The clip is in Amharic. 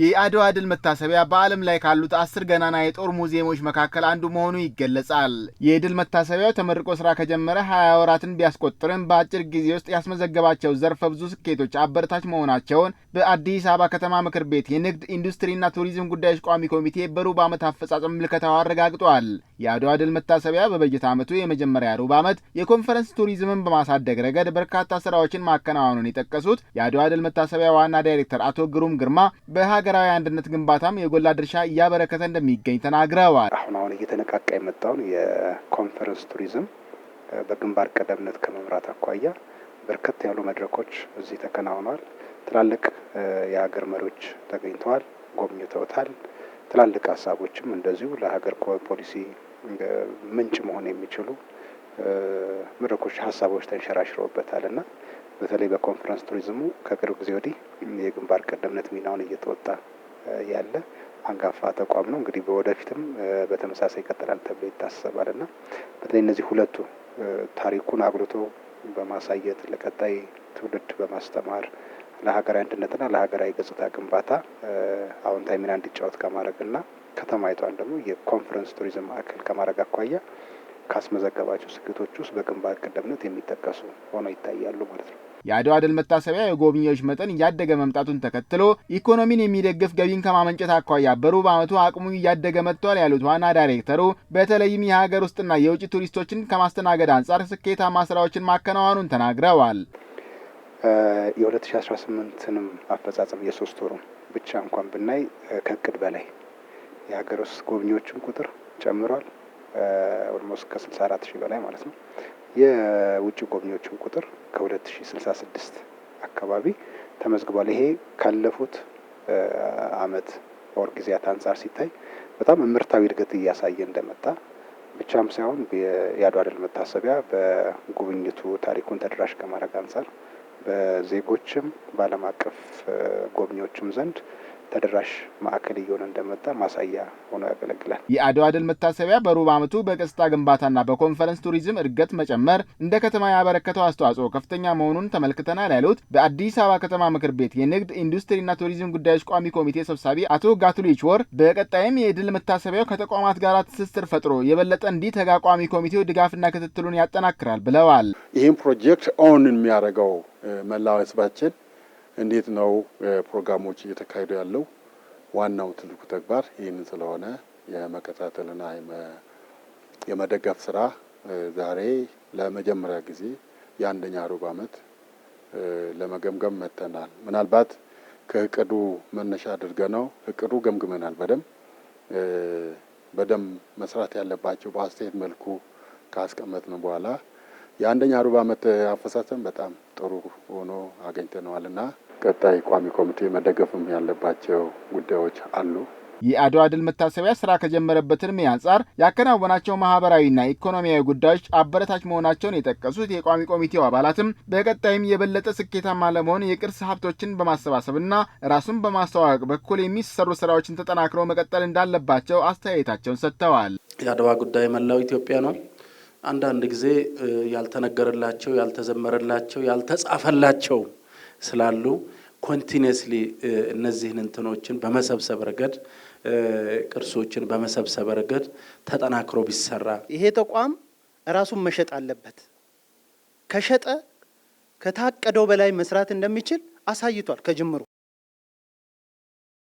የአድዋ ድል መታሰቢያ በዓለም ላይ ካሉት አስር ገናና የጦር ሙዚየሞች መካከል አንዱ መሆኑ ይገለጻል። የድል መታሰቢያው ተመርቆ ስራ ከጀመረ ሀያ ወራትን ቢያስቆጥርም በአጭር ጊዜ ውስጥ ያስመዘገባቸው ዘርፈ ብዙ ስኬቶች አበረታች መሆናቸውን በአዲስ አበባ ከተማ ምክር ቤት የንግድ ኢንዱስትሪና ቱሪዝም ጉዳዮች ቋሚ ኮሚቴ በሩብ ዓመት አፈጻጸም ምልከታው አረጋግጧል። የአድዋ ድል መታሰቢያ በበጀት ዓመቱ የመጀመሪያ ሩብ ዓመት የኮንፈረንስ ቱሪዝምን በማሳደግ ረገድ በርካታ ስራዎችን ማከናወኑን የጠቀሱት የአድዋ ድል መታሰቢያ ዋና ዳይሬክተር አቶ ግሩም ግርማ በሀ ለሀገራዊ አንድነት ግንባታም የጎላ ድርሻ እያበረከተ እንደሚገኝ ተናግረዋል። አሁን አሁን እየተነቃቃ የመጣውን የኮንፈረንስ ቱሪዝም በግንባር ቀደምነት ከመምራት አኳያ በርከት ያሉ መድረኮች እዚህ ተከናውነዋል። ትላልቅ የሀገር መሪዎች ተገኝተዋል፣ ጎብኝተውታል። ትላልቅ ሀሳቦችም እንደዚሁ ለሀገር ፖሊሲ ምንጭ መሆን የሚችሉ መድረኮች፣ ሀሳቦች ተንሸራሽረውበታል እና በተለይ በኮንፈረንስ ቱሪዝሙ ከቅርብ ጊዜ ወዲህ የግንባር ቀደምነት ሚናውን እየተወጣ ያለ አንጋፋ ተቋም ነው። እንግዲህ ወደፊትም በተመሳሳይ ይቀጥላል ተብሎ ይታሰባል እና በተለይ እነዚህ ሁለቱ ታሪኩን አጉልቶ በማሳየት ለቀጣይ ትውልድ በማስተማር ለሀገራዊ አንድነትና ለሀገራዊ ገጽታ ግንባታ አዎንታዊ ሚና እንዲጫወት ከማድረግና ከተማይቷን ደግሞ የኮንፈረንስ ቱሪዝም ማዕከል ከማድረግ አኳያ ካስመዘገባቸው ስኬቶች ውስጥ በግንባር ቀደምነት የሚጠቀሱ ሆነው ይታያሉ ማለት ነው። የአድዋ ድል መታሰቢያ የጎብኚዎች መጠን እያደገ መምጣቱን ተከትሎ ኢኮኖሚን የሚደግፍ ገቢን ከማመንጨት አኳያ በሩብ ዓመቱ አቅሙ እያደገ መጥቷል ያሉት ዋና ዳይሬክተሩ በተለይም የሀገር ውስጥና የውጭ ቱሪስቶችን ከማስተናገድ አንጻር ስኬታማ ስራዎችን ማከናወኑን ተናግረዋል። የ2018ንም አፈጻጸም የሶስት ወሩ ብቻ እንኳን ብናይ ከእቅድ በላይ የሀገር ውስጥ ጎብኚዎችን ቁጥር ጨምሯል። ኦልሞስት ከ64 ሺህ በላይ ማለት ነው። የውጭ ጎብኚዎችን ቁጥር ከ2066 አካባቢ ተመዝግቧል። ይሄ ካለፉት አመት ወር ጊዜያት አንጻር ሲታይ በጣም ምርታዊ እድገት እያሳየ እንደመጣ ብቻም ሳይሆን የአድዋ ድል መታሰቢያ በጉብኝቱ ታሪኩን ተደራሽ ከማድረግ አንጻር በዜጎችም በዓለም አቀፍ ጎብኚዎችም ዘንድ ተደራሽ ማዕከል እየሆነ እንደመጣ ማሳያ ሆኖ ያገለግላል። የአድዋ ድል መታሰቢያ በሩብ ዓመቱ በገጽታ ግንባታና በኮንፈረንስ ቱሪዝም እድገት መጨመር እንደ ከተማ ያበረከተው አስተዋጽኦ ከፍተኛ መሆኑን ተመልክተናል ያሉት በአዲስ አበባ ከተማ ምክር ቤት የንግድ ኢንዱስትሪና ቱሪዝም ጉዳዮች ቋሚ ኮሚቴ ሰብሳቢ አቶ ጋቱሊች ወር በቀጣይም የድል መታሰቢያው ከተቋማት ጋር ትስስር ፈጥሮ የበለጠ እንዲተጋ ቋሚ ኮሚቴው ድጋፍና ክትትሉን ያጠናክራል ብለዋል። ይህም ፕሮጀክት ኦን የሚያደርገው መላው ህዝባችን እንዴት ነው ፕሮግራሞች እየተካሄዱ ያለው? ዋናው ትልቁ ተግባር ይህንን ስለሆነ የመከታተልና የመደገፍ ስራ ዛሬ ለመጀመሪያ ጊዜ የአንደኛ ሩብ ዓመት ለመገምገም መጥተናል። ምናልባት ከእቅዱ መነሻ አድርገ ነው እቅዱ ገምግመናል። በደንብ በደንብ መስራት ያለባቸው በአስተያየት መልኩ ካስቀመጥን በኋላ የአንደኛ ሩብ ዓመት አፈጻጸም በጣም ጥሩ ሆኖ አገኝተነዋል እና ቀጣይ ቋሚ ኮሚቴ መደገፍም ያለባቸው ጉዳዮች አሉ። የአድዋ ድል መታሰቢያ ስራ ከጀመረበት ዕድሜ አንጻር ያከናወናቸው ማህበራዊና ኢኮኖሚያዊ ጉዳዮች አበረታች መሆናቸውን የጠቀሱት የቋሚ ኮሚቴው አባላትም በቀጣይም የበለጠ ስኬታማ ለመሆን የቅርስ ሀብቶችን በማሰባሰብና ራሱን በማስተዋወቅ በኩል የሚሰሩ ስራዎችን ተጠናክረው መቀጠል እንዳለባቸው አስተያየታቸውን ሰጥተዋል። የአድዋ ጉዳይ መላው ኢትዮጵያ ነው። አንዳንድ ጊዜ ያልተነገረላቸው ያልተዘመረላቸው ያልተጻፈላቸው ስላሉ ኮንቲኒየስሊ እነዚህን እንትኖችን በመሰብሰብ ረገድ ቅርሶችን በመሰብሰብ ረገድ ተጠናክሮ ቢሰራ ይሄ ተቋም ራሱን መሸጥ አለበት። ከሸጠ ከታቀደው በላይ መስራት እንደሚችል አሳይቷል ከጅምሩ።